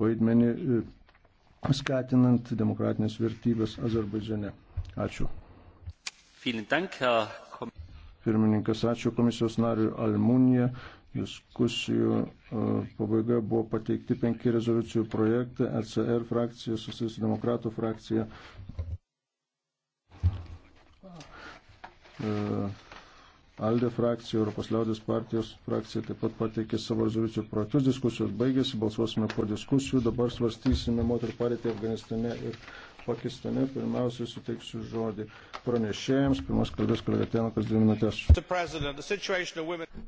vaidmenį e, skatinant demokratinės vertybės Azerbaidžiane. Ačiū. Pirmininkas, ačiū komisijos nariui Almunija. Diskusijų e, pabaiga buvo pateikti penki rezoliucijų projektai e - ECR frakcija, Socialdemokratų frakcija. E, Aldė frakcija, Europos liaudės partijos frakcija taip pat pateikė savo rezoliucijų projektus, diskusijos baigėsi, balsuosime po diskusijų, dabar svarstysime moterų padėtį Afganistane ir Pakistane. Pirmiausia, suteiksiu žodį pranešėjams. Pirmas kalbės kolega Tenakas, dvi minutės.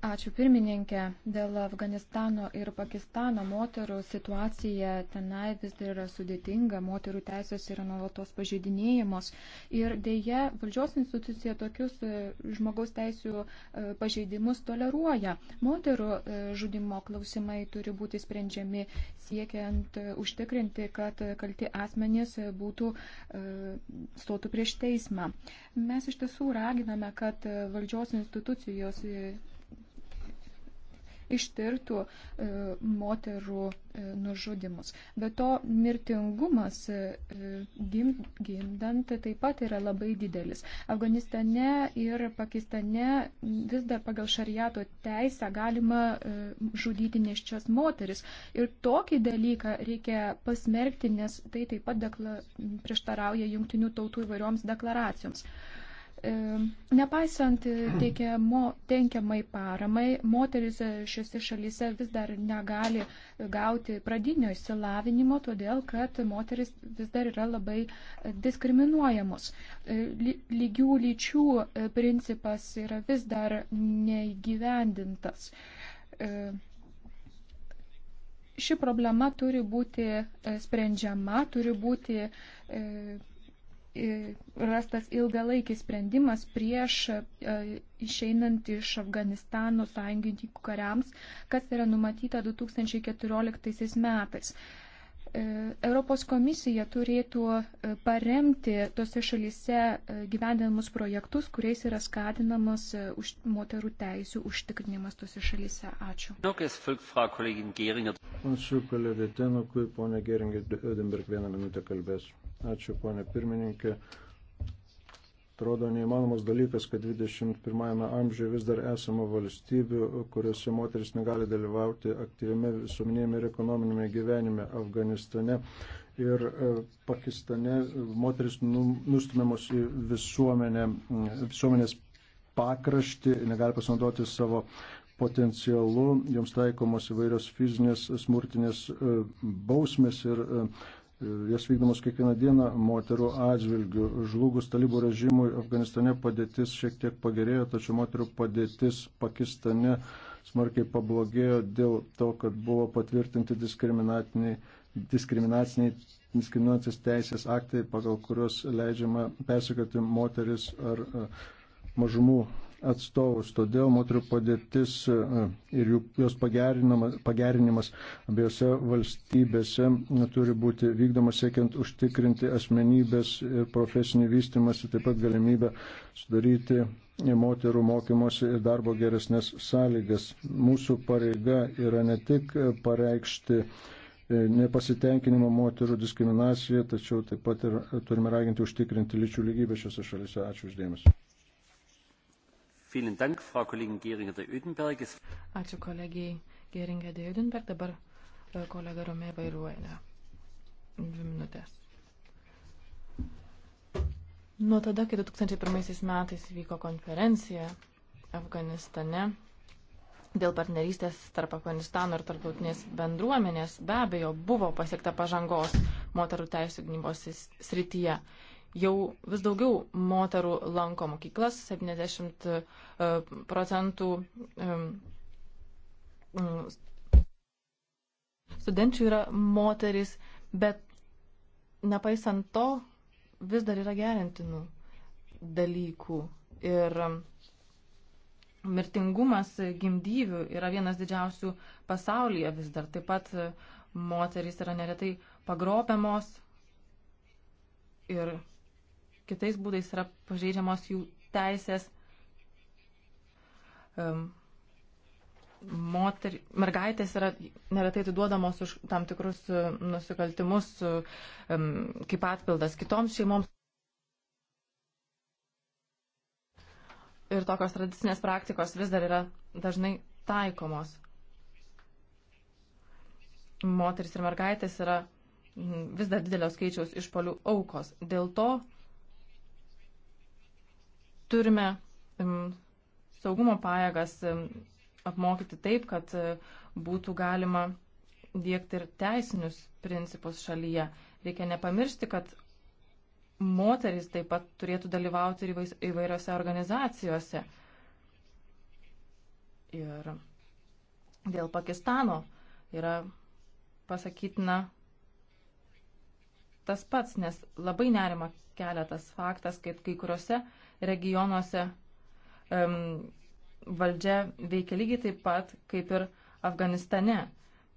Ačiū pirmininkė. Dėl Afganistano ir Pakistano moterų situacija tenai vis dar yra sudėtinga. Moterų teisės yra nuolatos pažeidinėjimos. Ir dėje valdžios institucija tokius e, žmogaus teisų e, pažeidimus toleruoja. Moterų e, žudimo klausimai turi būti sprendžiami siekiant užtikrinti, kad kalti asmenys būtų stotų, e, stotų prieš teismą. Mes iš tiesų raginame, kad valdžios institucijos ištirtų e, moterų e, nužudimus. Be to, mirtingumas e, gimdant taip pat yra labai didelis. Afganistane ir Pakistane vis dar pagal šariato teisę galima žudyti neščias moteris. Ir tokį dalyką reikia pasmerkti, nes tai taip pat dekla... prieštarauja jungtinių tautų įvairioms deklaracijoms. E, nepaisant teikiamai paramai, moteris šiuose šalyse vis dar negali gauti pradinio išsilavinimo, todėl kad moteris vis dar yra labai diskriminuojamos. E, lygių lyčių e, principas yra vis dar neįgyvendintas. Ši problema turi būti sprendžiama, turi būti rastas ilgalaikis sprendimas prieš e, išeinant iš Afganistano sąjungininkų kariams, kas yra numatyta 2014 metais. E, Europos komisija turėtų e, paremti tose šalyse e, gyvendinamus projektus, kuriais yra skatinamas už, moterų teisų užtikrinimas tose šalyse. Ačiū. Ačiū kolegė Tenukui, ponė Geringai, Ödenberg vieną minutę kalbės. Ačiū ponė pirmininkė atrodo neįmanomas dalykas, kad 21 amžiuje vis dar esama valstybių, kuriuose moteris negali dalyvauti aktyviame visuomenėme ir ekonominėme gyvenime Afganistane. Ir e, Pakistane moteris nu, nustumiamos į visuomenę, visuomenės pakrašti, negali pasinaudoti savo potencialu, joms taikomos įvairios fizinės smurtinės e, bausmės ir e, jas vykdomas kiekvieną dieną moterų atžvilgių. Žlugus talibų režimui Afganistane padėtis šiek tiek pagerėjo, tačiau moterų padėtis Pakistane smarkiai pablogėjo dėl to, kad buvo patvirtinti diskriminaciniai, diskriminaciniai diskriminacijos teisės aktai, pagal kurios leidžiama persikoti moteris ar e, mažumų atstovus. Todėl moterų padėtis e, ir jos pagerinimas abiejose valstybėse turi būti vykdomas siekiant užtikrinti asmenybės ir profesinį vystimąsi, taip pat galimybę sudaryti moterų mokymosi ir darbo geresnės sąlygas. Mūsų pareiga yra ne tik pareikšti e, nepasitenkinimo moterų diskriminaciją, tačiau taip pat ir turime raginti užtikrinti lyčių lygybę šiuose šalise. Ačiū uždėmesi. Ačiū kolegijai Geringė de Judenberg, dabar e, kolega Romė vairuoja. Dvi minutės. Nuo tada, kai 2001 metais vyko konferencija Afganistane dėl partnerystės tarp Afganistano ir tarptautinės bendruomenės, be abejo, buvo pasiekta pažangos moterų teisų gynybos srityje jau vis daugiau moterų lanko mokyklas, 70 e, procentų e, studenčių yra moteris, bet nepaisant to vis dar yra gerintinų dalykų. Ir mirtingumas gimdyvių yra vienas didžiausių pasaulyje vis dar. Taip pat e, moterys yra neretai pagrobiamos ir kitais būdais yra pažeidžiamos jų teisės. Um, moter, mergaitės yra neretai atiduodamos už tam tikrus e, nusikaltimus um, kaip atpildas kitoms šeimoms. Ir tokios tradicinės praktikos vis dar yra dažnai taikomos. Moteris ir mergaitės yra vis dar didelio skaičiaus išpolių aukos. Dėl to turime saugumo pajėgas apmokyti taip, kad e, būtų galima dėkti ir teisinius principus šalyje. Reikia nepamiršti, kad moteris taip pat turėtų dalyvauti ir įvairiose organizacijose. Ir dėl Pakistano yra pasakytina tas pats, nes labai nerima kelia tas faktas, kad kai kuriuose uh, regionuose um, valdžia veikia lygiai taip pat kaip ir Afganistane.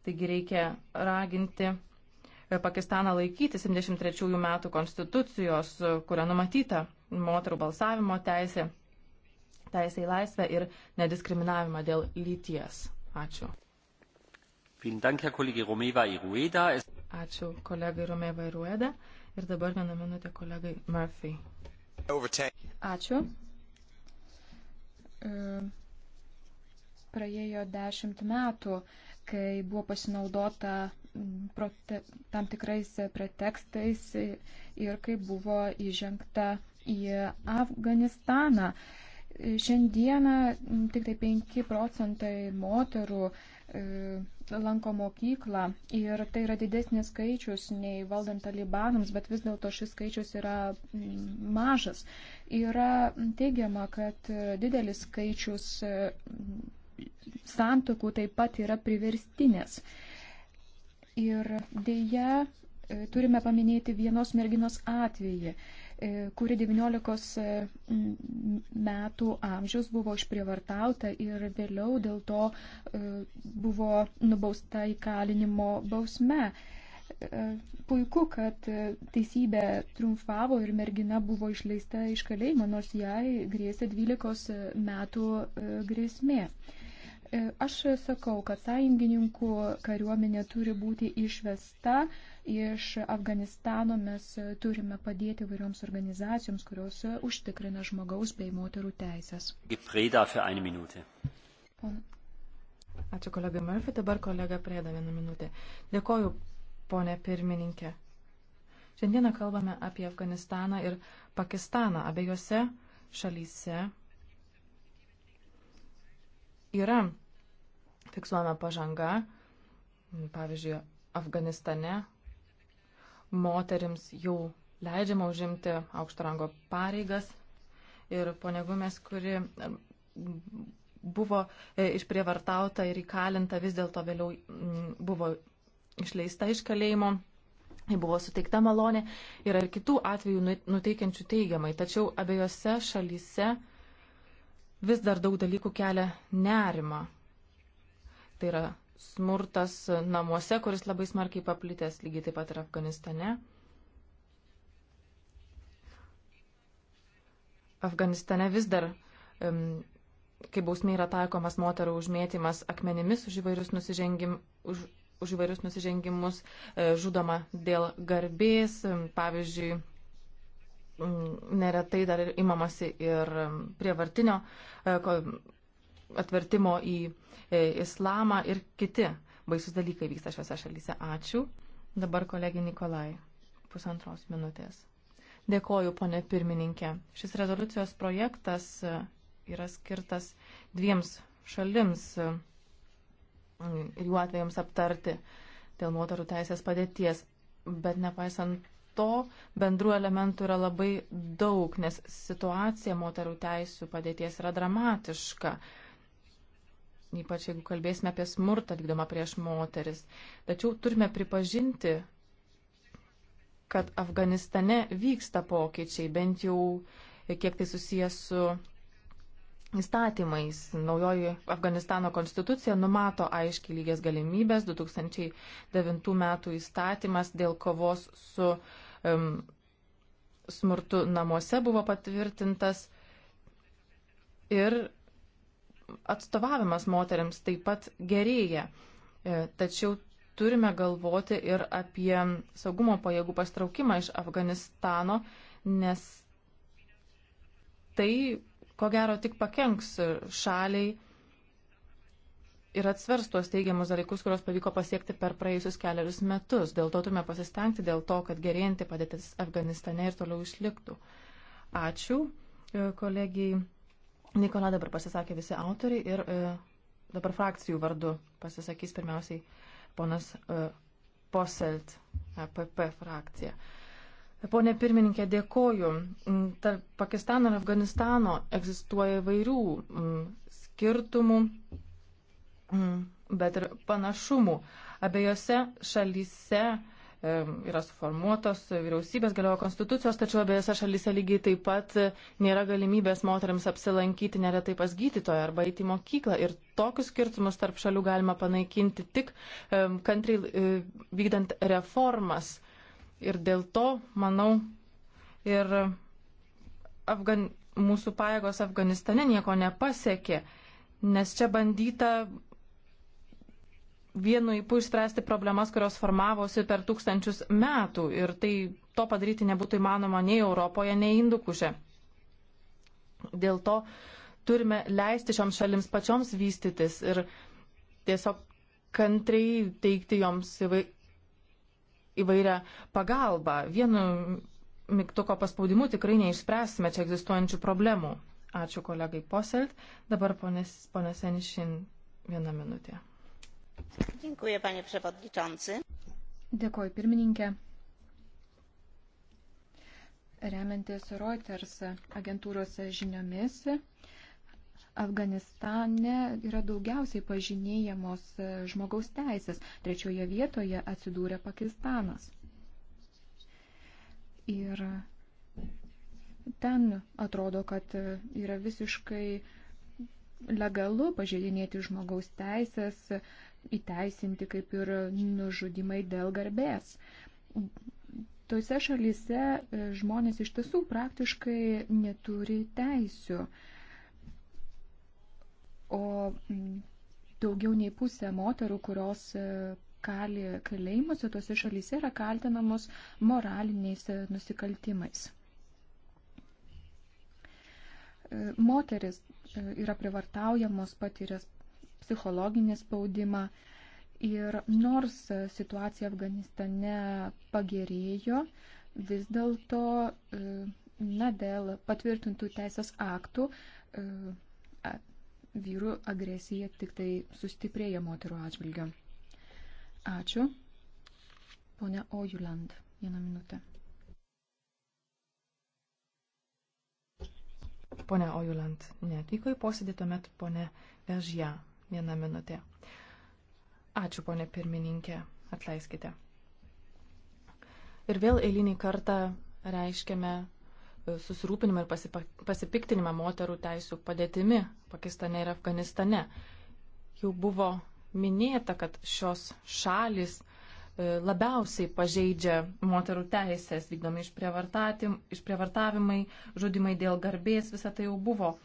Taigi reikia raginti e, Pakistaną laikyti 73 metų konstitucijos, e, kuria numatyta moterų balsavimo teisė, teisė į laisvę ir nediskriminavimą dėl lyties. Ačiū. Ačiū kolegai Romeva Irueda ir dabar vieną minutę kolegai Murphy. Overtake. Ačiū. E, praėjo dešimt metų, kai buvo pasinaudota prote, tam tikrais pretekstais ir kai buvo įžengta į Afganistaną. E, šiandieną tik tai 5 procentai moterų uh, E, lanko mokyklą ir tai yra didesnis skaičius nei valdant talibanams, bet vis dėlto šis skaičius yra mm, mažas. Yra teigiama, kad e, didelis skaičius e, santokų taip pat yra priverstinės. Ir dėja turime paminėti vienos merginos atvejį. E, kuri 19 e, metų amžiaus buvo išprievartauta ir vėliau dėl to e, buvo nubausta įkalinimo bausme. Puiku, kad teisybė triumfavo ir mergina buvo išleista iš kalėjimo, nors jai grėsė 12 metų grėsmė. E, aš sakau, kad sąjungininkų kariuomenė turi būti išvesta iš Afganistano. Mes turime padėti vairioms organizacijoms, kurios užtikrina žmogaus bei moterų teisės. Ačiū kolegai Murphy, dabar kolega Prėda vieną minutę. Dėkoju, ponė pirmininkė. Šiandieną kalbame apie Afganistaną ir Pakistaną. Abiejose šalyse yra fiksuojama pažanga, pavyzdžiui, Afganistane moterims jau leidžiama užimti aukšto rango pareigas ir ponegumės, kuri buvo e, išprievartauta ir įkalinta, vis dėlto vėliau buvo išleista iš kalėjimo, buvo suteikta malonė. Yra ir kitų atvejų nu, nuteikiančių teigiamai, tačiau abiejose šalyse uh, vis dar daug dalykų kelia nerimą. Tai yra smurtas namuose, kuris labai smarkiai paplitęs, lygiai taip pat ir Afganistane. Afganistane vis dar, um, kai bausmė yra taikomas moterų užmėtymas akmenimis už įvairius, nusižengim, už, už įvairius nusižengimus, e, žudoma dėl garbės, pavyzdžiui, Mm, neretai dar imamasi ir um, prievartinio e, atvertimo į e, islamą ir kiti baisus dalykai vyksta šiuose šalyse. Ačiū. Dabar kolegė Nikolai, pusantros minutės. Dėkoju, ponė pirmininkė. Šis rezoliucijos projektas e, yra skirtas dviems šalims ir jų atvejams aptarti dėl moterų teisės padėties. Bet nepaisant to bendrų elementų yra labai daug, nes situacija moterų teisų padėties yra dramatiška. Ypač jeigu kalbėsime apie smurtą vykdomą prieš moteris. Tačiau turime pripažinti, kad Afganistane vyksta pokyčiai, bent jau kiek tai susijęs su įstatymais. Naujoji Afganistano konstitucija numato aiškiai lygias galimybės. 2009 metų įstatymas dėl kovos su smurtu namuose buvo patvirtintas ir atstovavimas moteriams taip pat gerėja. E, tačiau turime galvoti ir apie saugumo pajėgų pastraukimą iš Afganistano, nes tai, ko gero, tik pakenks šaliai ir atsvers tuos teigiamus dalykus, kuriuos pavyko pasiekti per praėjusius keliarius metus. Dėl to turime pasistengti, dėl to, kad gerėjanti padėtis Afganistane ir toliau išliktų. Ačiū e, kolegijai. Nikola dabar pasisakė visi autoriai ir e, dabar frakcijų vardu pasisakys pirmiausiai ponas e, Poselt, APP e frakcija. Pone pirmininkė, dėkoju. Mm, tarp Pakistano ir Afganistano egzistuoja įvairių m, mm, skirtumų Mm, bet ir panašumų. Abiejose šalyse yra suformuotos vyriausybės, galioja konstitucijos, tačiau abiejose šalyse lygiai taip pat nėra galimybės moteriams apsilankyti neretai pas gydytoją arba įti mokyklą. Ir tokius skirtumus tarp šalių galima panaikinti tik kantriai e, vykdant reformas. Ir dėl to, manau, ir Afgan... mūsų pajėgos Afganistane nieko nepasiekė, nes čia bandyta vienu įpū išspręsti problemas, kurios formavosi per tūkstančius metų ir tai to padaryti nebūtų įmanoma nei Europoje, nei Indukuše. Dėl to turime leisti šioms šalims pačioms vystytis ir tiesiog kantriai teikti joms įvai, įvairią pagalbą. Vienu mygtuko paspaudimu tikrai neišspręsime čia egzistuojančių problemų. Ačiū kolegai Poselt. Dabar ponės, ponės Enišin vieną minutę. Dziękuję, panie przewodniczący. Dėkoju, pirmininkė. Remiantis Reuters agentūros žiniomis, Afganistane yra daugiausiai pažinėjamos žmogaus teisės. Trečioje vietoje atsidūrė Pakistanas. Ir ten atrodo, kad yra visiškai legalu pažeidinėti žmogaus teisės, įteisinti kaip ir nužudimai dėl garbės. Tose šalyse e, žmonės iš tiesų praktiškai neturi teisių. O daugiau nei pusė moterų, kurios e, kali kalėjimuose tose šalyse, yra kaltinamos moraliniais e, nusikaltimais. Moteris yra privartaujamos, patiria psichologinį spaudimą. Ir nors situacija Afganistane pagerėjo, vis dėlto, e, na, dėl patvirtintų teisės aktų e, vyrų agresija tik tai sustiprėja moterų atžvilgiu. Ačiū. Pone Ojuland, vieną minutę. Pone Ojuland neatvyko į posėdį, tuomet pone Vežja. Viena minutė. Ačiū, ponė pirmininkė. Atleiskite. Ir vėl eilinį kartą reiškiame e, susirūpinimą ir pasipiktinimą moterų teisų padėtimi Pakistane ir Afganistane. Jau buvo minėta, kad šios šalis e, labiausiai pažeidžia moterų teisės, vykdomi išprievartavimai, žudimai dėl garbės, visą tai jau buvo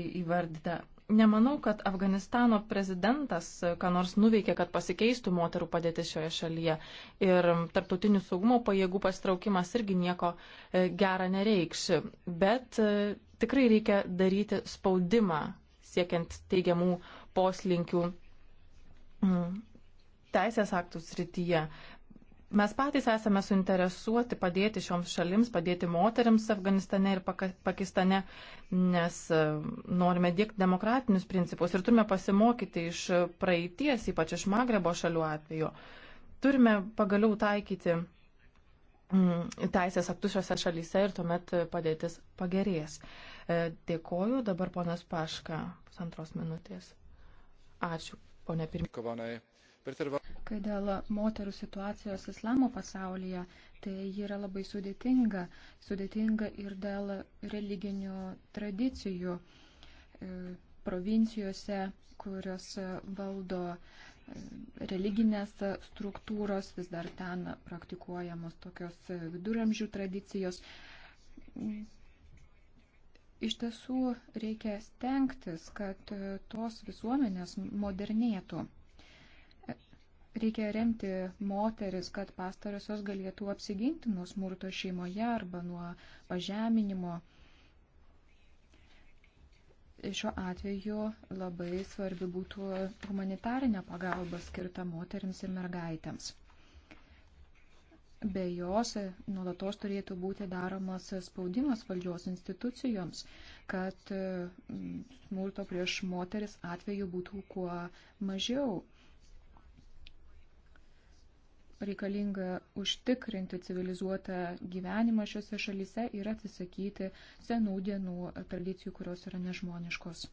įvardyta. Nemanau, kad Afganistano prezidentas ką nors nuveikė, kad pasikeistų moterų padėtis šioje šalyje. Ir tarptautinių saugumo pajėgų pastraukimas irgi nieko e, gera nereikš. Bet e, tikrai reikia daryti spaudimą siekiant teigiamų poslinkių mm, teisės aktų srityje. Mes patys esame suinteresuoti padėti šioms šalims, padėti moteriams Afganistane ir Pakistane, nes e, norime dėkti demokratinius principus ir turime pasimokyti iš praeities, ypač iš Magrebo šalių atveju. Turime pagaliau taikyti mm, teisės aktus šiose šalyse ir tuomet padėtis pagerės. E, dėkoju, dabar ponas Paška, pusantros minutės. Ačiū, ponė pirmininkė Kai dėl moterų situacijos islamo pasaulyje, tai ji yra labai sudėtinga. Sudėtinga ir dėl religinių tradicijų e, provincijose, kurios valdo e, religinės struktūros, vis dar ten praktikuojamos tokios viduramžių tradicijos. Iš tiesų reikia stengtis, kad tos visuomenės modernėtų. Reikia remti moteris, kad pastarosios galėtų apsiginti nuo smurto šeimoje arba nuo pažeminimo. Šiuo atveju labai svarbi būtų humanitarinė pagalba skirta moteriams ir mergaitėms. Be jos nuolatos turėtų būti daromas spaudimas valdžios institucijoms, kad mm, smurto prieš moteris atveju būtų kuo mažiau reikalinga užtikrinti civilizuotą gyvenimą šiuose šalyse ir atsisakyti senų dienų tradicijų, kurios yra nežmoniškos.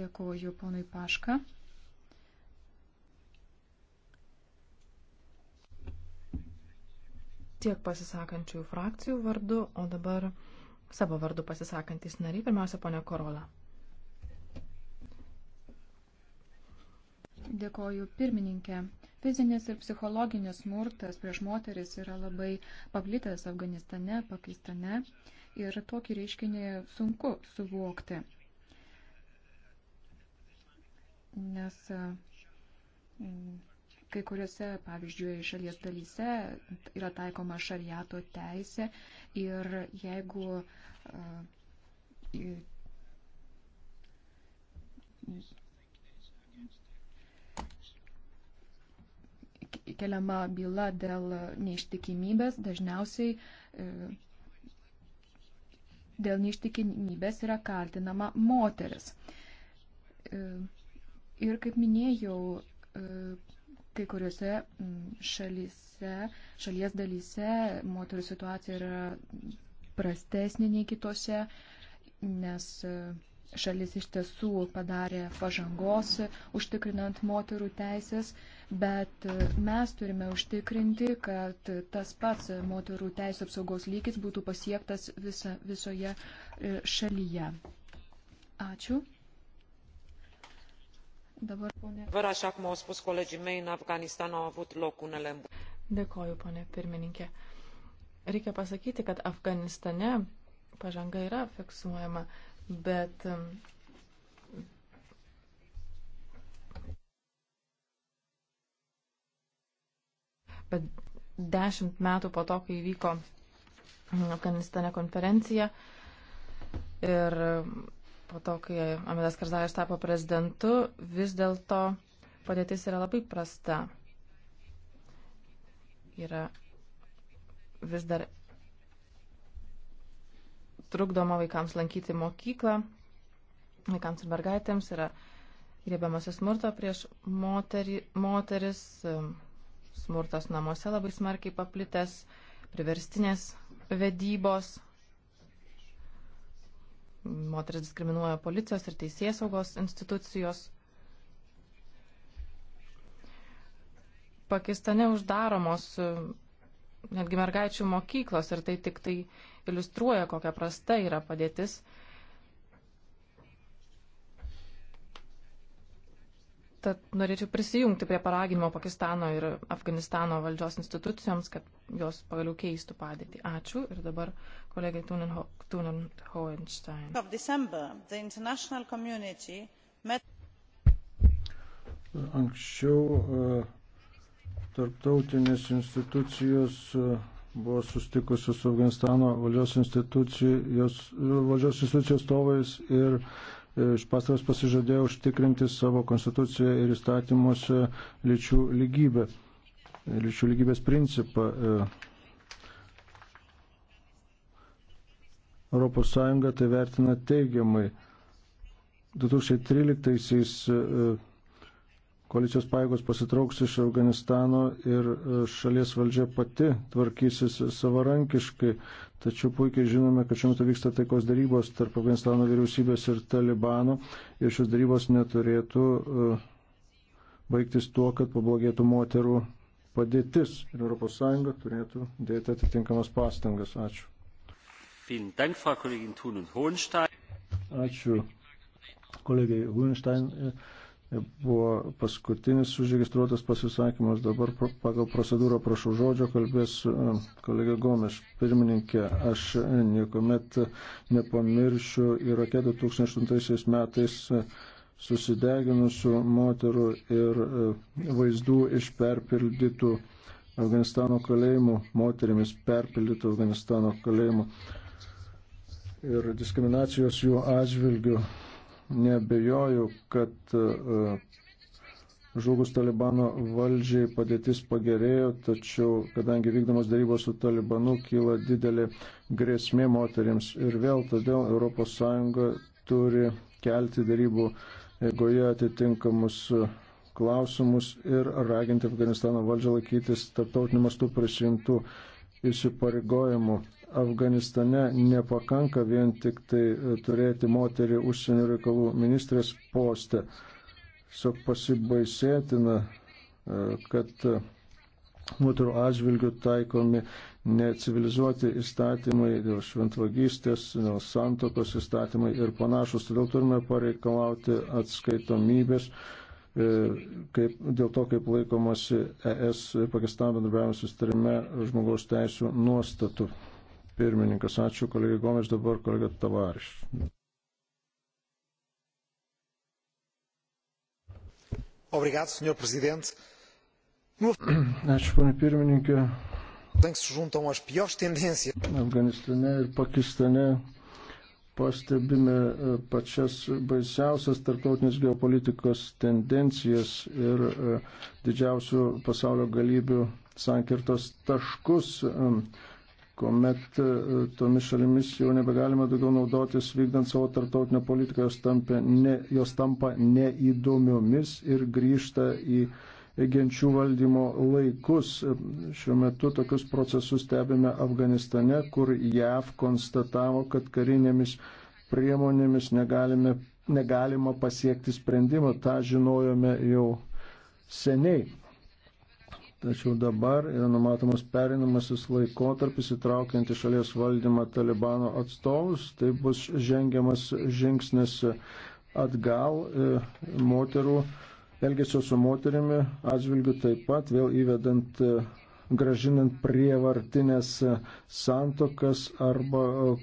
Dėkuoju ponui Paška. Tiek pasisakančių frakcijų vardu, o dabar savo vardu pasisakantys nariai, pirmiausia, ponia Korola. Dėkoju pirmininkė. Fizinis ir psichologinis smurtas prieš moteris yra labai paplitęs Afganistane, Pakistane ir tokį reiškinį sunku suvokti. Nes mm, kai kuriuose, pavyzdžiui, šalies dalyse yra taikoma šariato teisė ir jeigu uh, keliama byla dėl neištikimybės, dažniausiai e, dėl neištikimybės yra kaltinama moteris. E, ir kaip minėjau, e, kai kuriuose šalyse, šalies dalyse moterų situacija yra prastesnė nei kitose, nes šalis iš tiesų padarė pažangos, užtikrinant moterų teisės, bet mes turime užtikrinti, kad tas pats moterų teisų apsaugos lygis būtų pasiektas visa, visoje e, šalyje. Ačiū. Dabar, ponė. Văr, așa cum au spus colegii mei, în Afganistan au avut loc unele. Dėkoju, ponė pirmininkė. Reikia pasakyti, kad Afganistane pažanga yra fiksuojama. Uh, bet um, bet dešimt metų po to, kai vyko um, Afganistane konferencija ir um, po to, kai Amidas Karzajus tapo prezidentu, vis dėlto padėtis yra labai prasta. Yra vis dar trukdoma vaikams lankyti mokyklą, vaikams ir mergaitėms yra griebiamasis smurto prieš moterį, moteris, smurtas namuose labai smarkiai paplitęs, priverstinės vedybos, moteris diskriminuoja policijos ir teisės saugos institucijos. Pakistane uždaromos netgi mergaičių mokyklos ir tai tik tai iliustruoja, kokia prasta yra padėtis. Tad norėčiau prisijungti prie paraginimo Pakistano ir Afganistano valdžios institucijoms, kad jos pagaliau keistų padėtį. Ačiū ir dabar kolegai Tunen Hohenstein. Anksčiau uh, tarptautinės institucijos e, buvo sustikusios su Afganistano valdžios institucijos, e, valdžios institucijos tovais ir e, iš pastaros pasižadėjo užtikrinti savo konstituciją ir įstatymuose lyčių lygybę, lyčių lygybės principą. Europos Sąjunga tai vertina teigiamai. 2013-aisiais koalicijos paėgos pasitrauks iš Afganistano ir e, šalies valdžia pati tvarkysis savarankiškai. Tačiau puikiai žinome, kad šiuo metu vyksta taikos darybos tarp Afganistano vyriausybės ir Talibano ir šios darybos neturėtų e, baigtis tuo, kad pablogėtų moterų padėtis ir ES turėtų dėti atitinkamas pastangas. Ačiū. Ačiū kolegai Hunstein buvo paskutinis užregistruotas pasisakymas. Dabar pagal procedūrą prašau žodžio, kalbės e, kolega Gomes. Pirmininkė, aš niekuomet nepamiršiu Irake 2008 metais susideginusių moterų ir e, vaizdų iš perpildytų Afganistano kalėjimų, moterimis perpildytų Afganistano kalėjimų ir diskriminacijos jų atžvilgių nebejoju, kad e, žlugus Talibano valdžiai padėtis pagerėjo, tačiau kadangi vykdomos darybos su Talibanu kyla didelė grėsmė moteriams ir vėl todėl ES turi kelti darybų eigoje atitinkamus e, klausimus ir raginti Afganistano valdžią laikytis tarptautiniu mastu prisimtų įsipareigojimų Afganistane nepakanka vien tik tai e, turėti moterį užsienio reikalų ministrės postę. Tiesiog pasibaisėtina, e, kad e, moterų atžvilgių taikomi necivilizuoti įstatymai dėl šventvagystės, dėl santokos įstatymai ir panašus. Todėl turime pareikalauti atskaitomybės E, kaip, dėl to, kaip laikomasi ES ir Pakistano bendravimo sustarime žmogaus teisų nuostatų. Pirmininkas, ačiū kolegai Gomes, dabar kolega Tavariš. Obrigado, senhor presidente. No... Ačiū, ponė pirmininkė. Afganistane ir Pakistane pastebime e, pačias baisiausias tarptautinės geopolitikos tendencijas ir e, didžiausių pasaulio galybių sankirtos taškus, e, kuomet tomis šalimis jau nebegalima daugiau naudotis vykdant savo tarptautinę politiką, jos, tampa ne, jos tampa neįdomiomis ir grįžta į genčių valdymo laikus. Šiuo metu tokius procesus stebime Afganistane, kur JAV konstatavo, kad karinėmis priemonėmis negalime, negalima pasiekti sprendimo. Ta žinojome jau seniai. Tačiau dabar yra numatomas perinamasis laikotarpis įtraukiant į šalies valdymą Talibano atstovus. Tai bus žengiamas žingsnis atgal e, moterų elgesio su moterimi atžvilgiu taip pat, vėl įvedant, e, gražinant prievartinės e, santokas arba e,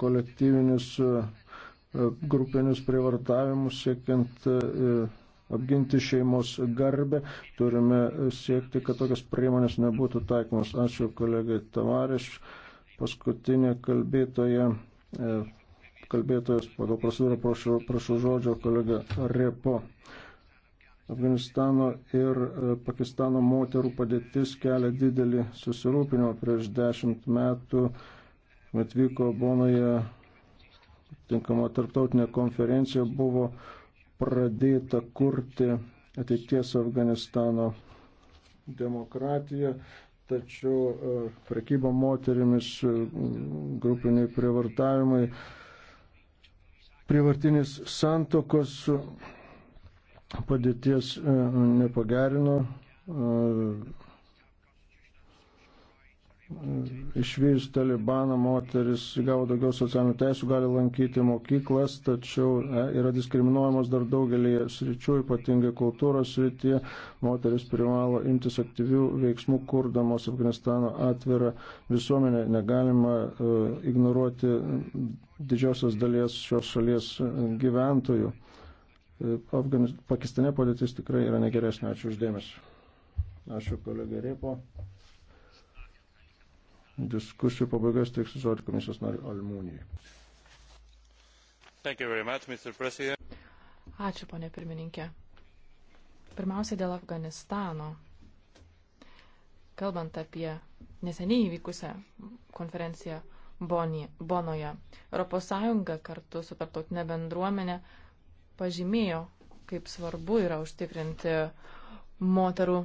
kolektyvinius grupinius prievartavimus siekiant apginti šeimos garbę, turime siekti, kad tokios priemonės nebūtų taikomos. Ačiū kolegai Tavareš, paskutinė kalbėtoja, kalbėtojas pagal prasidūrą prašau, prašau žodžio kolega Repo. Afganistano ir e, Pakistano moterų padėtis kelia didelį susirūpinimą. Prieš dešimt metų atvyko Bonoje tinkama tarptautinė konferencija, buvo pradėta kurti ateities Afganistano demokratiją, tačiau e, prekyba moterimis, e, grupiniai prievartavimai, prievartinis santokos padėties e, nepagerino. E, išvėjus Talibaną moteris gavo daugiau socialinių teisų, gali lankyti mokyklas, tačiau e, yra diskriminuojamos dar daugelį sričių, ypatingai kultūros srityje. Moteris privalo imtis aktyvių veiksmų, kurdamos Afganistano atvirą visuomenę. Negalima ignoruoti didžiosios dalies šios šalies gyventojų Afganist... Pakistane padėtis tikrai yra negeresnė. Ačiū uždėmesi. Ačiū kolega Repo. Diskusijų pabaigos teiksiu žodį komisijos nariu Almūnijai. Ačiū, ponė pirmininkė. Pirmiausia, dėl Afganistano. Kalbant apie neseniai įvykusią konferenciją Bonoje, ES kartu su tarptautinė bendruomenė pažymėjo, kaip svarbu yra užtikrinti moterų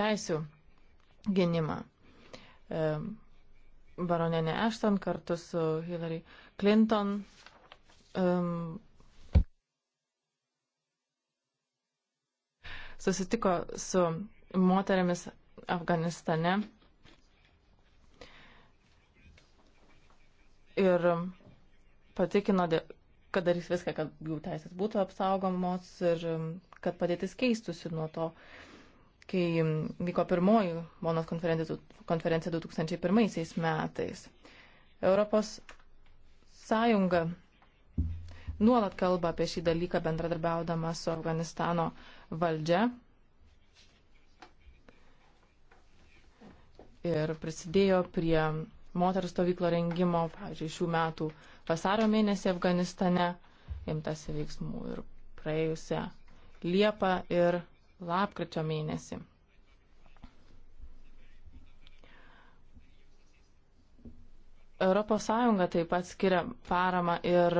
teisų gynimą. E, Baronenė Ashton kartu su Hillary Clinton um, susitiko su moteriamis Afganistane ir patikino kad darys viską, kad jų teisės būtų apsaugomos ir um, kad padėtis keistusi nuo to, kai um, vyko pirmoji Bonos konferencija 2001 metais. Europos Sąjunga nuolat kalba apie šį dalyką bendradarbiaudama su Afganistano valdžia ir prisidėjo prie moterų stovyklo rengimo, pavyzdžiui, šių metų uh, Vasaro mėnesį Afganistane imtasi veiksmų ir praėjusią Liepą ir lapkričio mėnesį. ES taip pat skiria paramą ir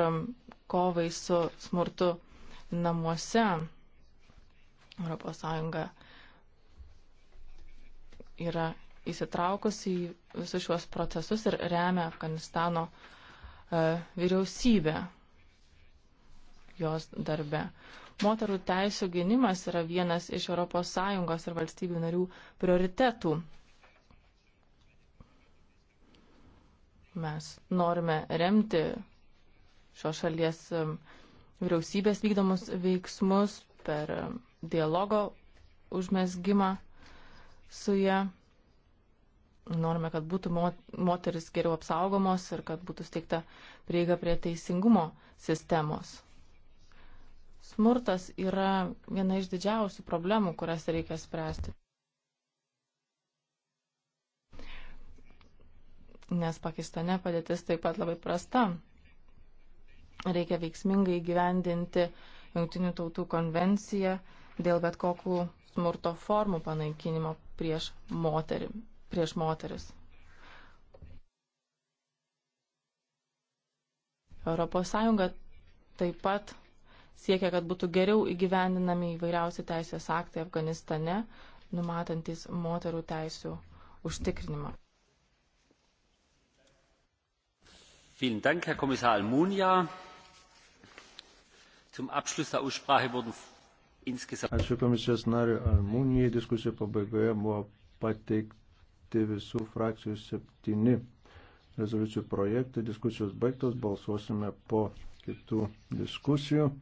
kovai su smurtu namuose. ES yra įsitraukusi į visus šiuos procesus ir remia Afganistano uh, E, vyriausybę jos darbe. Moterų teisų gynimas yra vienas iš ES ir valstybių narių prioritetų. Mes norime remti šios šalies e, vyriausybės vykdomus veiksmus per e, dialogo užmesgymą su ją. Norime, kad būtų moteris geriau apsaugomos ir kad būtų steigta prieiga prie teisingumo sistemos. Smurtas yra viena iš didžiausių problemų, kurias reikia spręsti. Nes Pakistane padėtis taip pat labai prasta. Reikia veiksmingai gyvendinti Junktinių tautų konvenciją dėl bet kokių smurto formų panaikinimo prieš moterim prieš moteris. ES taip pat siekia, kad būtų geriau įgyvendinami įvairiausi teisės aktai Afganistane, numatantis moterų teisų užtikrinimą. Vielen Dank, Herr Kommissar Almunia. Zum Abschluss der Aussprache wurden insgesamt. Ačiū komisijos nariu Almunijai. Diskusijų pabaigoje buvo pateikta pateikti visų frakcijų septyni rezoliucijų projektai. Diskusijos baigtos, balsuosime po kitų diskusijų.